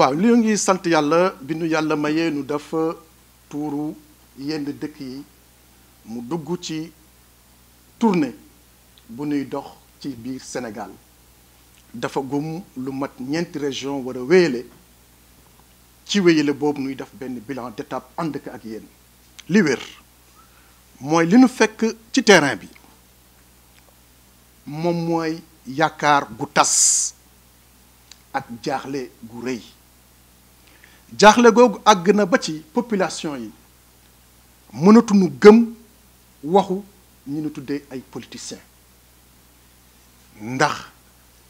waaw li ngi sant yàlla bi nu yàlla mayee nu dafa tuuru yenn dëkk yi mu dugg ci tournée bu nuy dox ci biir Sénégal dafa gum lu mat ñeenti région war a wéyale ci wéyale boobu nuy def benn bilan d'étape ànd ko ak yéen li wér mooy li nu fekk ci terrain bi moom mooy yaakaar gu tas ak jaaxle gu rëy jaaxle googu àgg na ba ci population yi mënatuñu gëm waxu ñu ñu tuddee ay politiciens ndax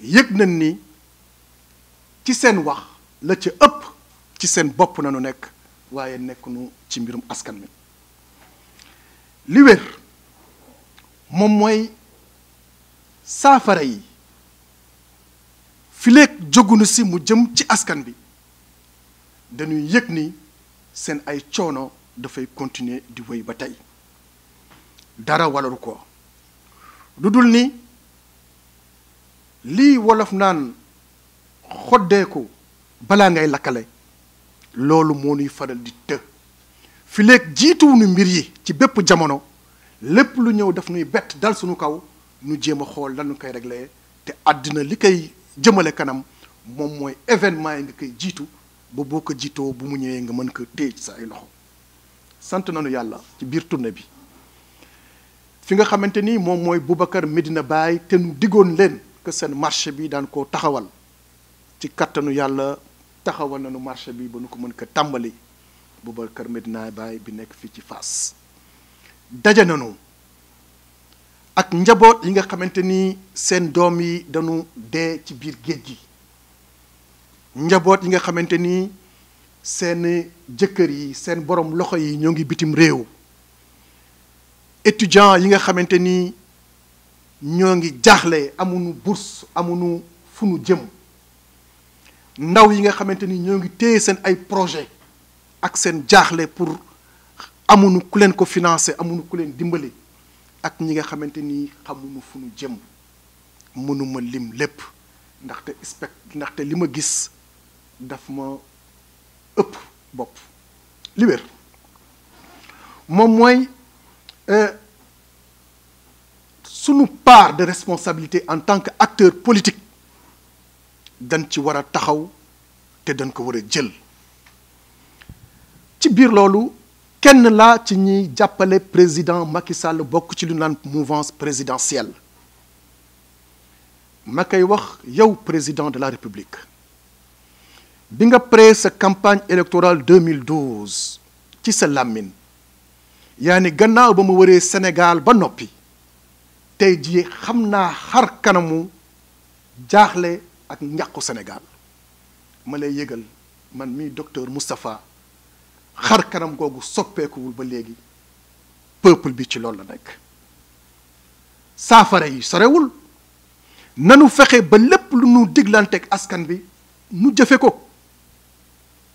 yëg na ni ci seen wax la ci ëpp ci seen bopp na nu nekk waaye nekk nu ci mbirum askan mi li wér moom mooy saafara yi fileeg jógunu si mu jëm ci askan bi dañuy yëg ni seen ay coono dafay continuer di wéy ba tey dara walalu ko lu dul ni lii wolof naan xoddeeku balaa ngay lakkale loolu moo ñuy faral di të fi léeg jiituwuñu mbir yi ci bépp jamono lépp lu ñëw daf nuy bett dal suñu kaw nu jéem a xool lanu koy réglé te àddina li koy jëmale kanam moom mooy événement yi nga koy jiitu ba boo ko jiitoo bu mu ñëwee nga mën ko téye ci sa ay loxo sant nanu yàlla ci biir tournée bi fi nga xamante ni moom mooy Boubacar Medina Baye te nu diggoon leen que seen marché bi daan ko taxawal ci kàttanu yàlla taxawal nanu marché bi ba nu ko mën ko tàmbali Boubacar Medina Baye bi nekk fii ci Fass daje nañu ak njaboot yi nga xamante ni seen doom yi dañu dee ci biir géej gi. njaboot yi nga xamante ni seen jëkkër yi seen borom loxo yi ñoo ngi bitim réew étudiants yi nga xamante ni ñoo ngi jaaxle amuñu bourse amuñu fu nu jëm ndaw yi nga xamante ni ñoo ngi téye seen ay projet ak seen jaaxle pour amuñu ku leen ko financé amuñu ku leen dimbali ak ñi nga xamante ni xamuñu fu nu jëm mënuma lim lépp ndaxte spect ndaxte li ma gis daf ma ëpp libre. Euh, sunu part de responsabilité en tant qu'acteur politique dañ ci wara taxaw te dañ ko wara jël ci bir lolu kenn la ci président Macky Sall bokku ci lu mouvance présidentielle ma wax yow président de la République bi nga pré sa campagne électorale 2012 ci sa làmmiñ yaa ni gannaaw ba ma waree Sénégal ba noppi tey jii xam naa xar kanamu jaaxle ak ñàqu Sénégal ma lay yëgal man mii docteur Moustapha xar kanam googu soppeekuwul ba léegi peuple bi ci loolu la nekk saafara yi sorewul nanu fexe ba lépp lu nu diglanteeg askan bi nu jëfe ko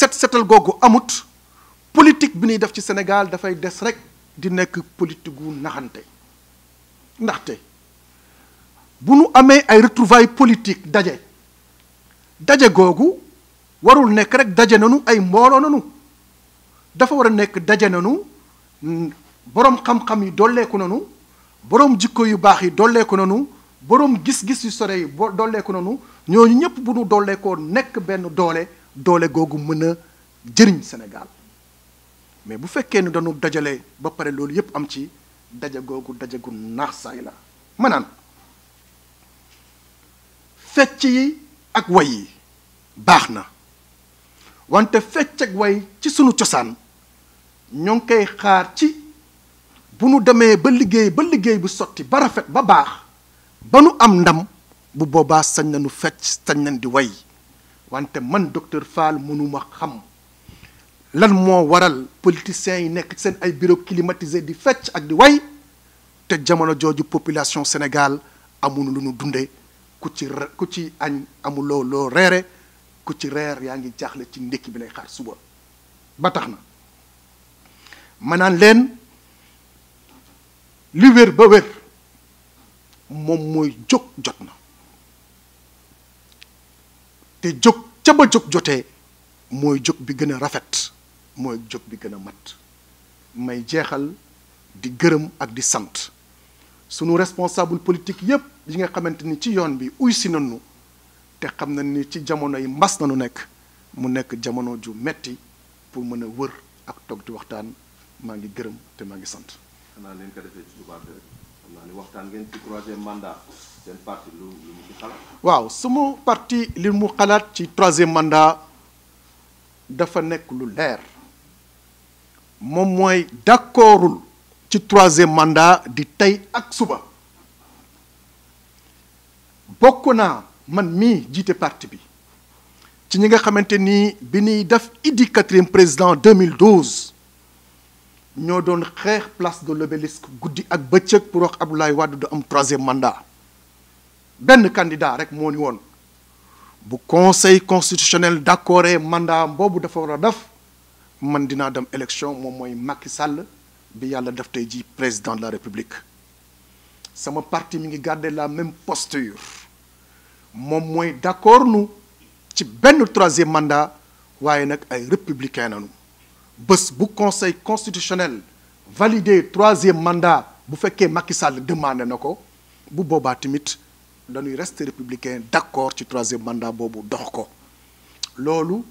set setal googu amut politique bi ñuy def ci Sénégal dafay des rek di nekk politique gu naxante ndaxte bu nu amee ay retrouvailles politique daje daje googu warul nekk rek daje nanu ay mbooloo nanu dafa war a nekk daje nanu boroom xam-xam yi dolleeku nanu boroom jikko yu baax yi dolleeku nanu boroom gis-gis yu sore yi dolleeku nanu ñooñu ñëpp bu nu dolleekoo nekk benn doole doole googu mën a jëriñ senegal mais bu fekkee ni dañu dajale ba pare loolu yépp am ci daja googu daja gu naax saay la manaan naan fecc yi ak way yi baax na wante fecc ak way ci sunu cosaan ñoo ngi koy xaar ci bu nu demee ba liggéey ba liggéey bu sotti ba rafet ba baax ba nu am ndam bu boobaa sañ nañu fecc sañ nañ di way wante man docteur Fall mënuma xam lan moo waral politiciens yi nekk seen ay bureau climatisé di fecc ak di way te jamono jooju population Sénégal amunu lu ñu ku ci ku ci añ amuloo loo reere ku ci reer yaa ngi jaaxle ci ndékki bi lay xaar suba ba tax na li wér ba wér moom mooy jóg jot te jóg ca ba jóg jotee mooy jóg bi gën a rafet mooy jóg bi gën a mat may jeexal di gërëm ak di sant sunu responsable politique yépp yi nga xamante ni ci yoon bi uy si nanu te xam na ni ci jamono yi mbas nanu nekk mu nekk jamono ju metti pour mën a wër ak toog di waxtaan maa ngi gërëm te maa ngi sant xanaa leen ko defee waaw suma parti li mu ci troisième mandat dafa nekk lu leer moom mooy d'accordul ci troisième mandat di tey ak suba bokk man mi, jiite parti bi ci ñi nga xamante ni bi ñuy idi quatrième président 2012 nous avons donné place de l'obélisque pour que Abdoulaye Wade ait troisième mandat Ben candidat rek moo Si si conseil constitutionnel d'accordé mandat le mandat, war a def man dinaa l'élection, élection Macky Sall bi yàlla président de la république Mon parti qui la même posture Je suis d'accord nous, ci le troisième mandat mais nag ay républicain nous bés bu conseil constitutionnel validé troisième mandat bu fekke Macky Sall demandé na bu boba tamit dañuy rester républicain d'accord ci troisième mandat bobu dox ko lolu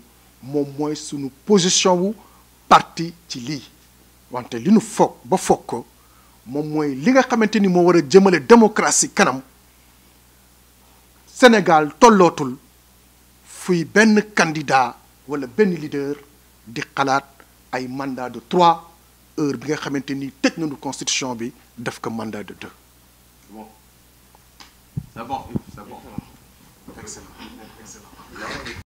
mom moy sunu position wu parti ci li wante li nu fokk ba fokk ko moy li nga xamanteni mo wara war démocratie kanam Sénégal tollotul fuy ben candidat wala ben leader di xalaat Mandat de 3 heures, bien qu'à maintenir tête de nos constitutions, mais d'un mandat de 2. C'est bon, c'est bon, c'est bon,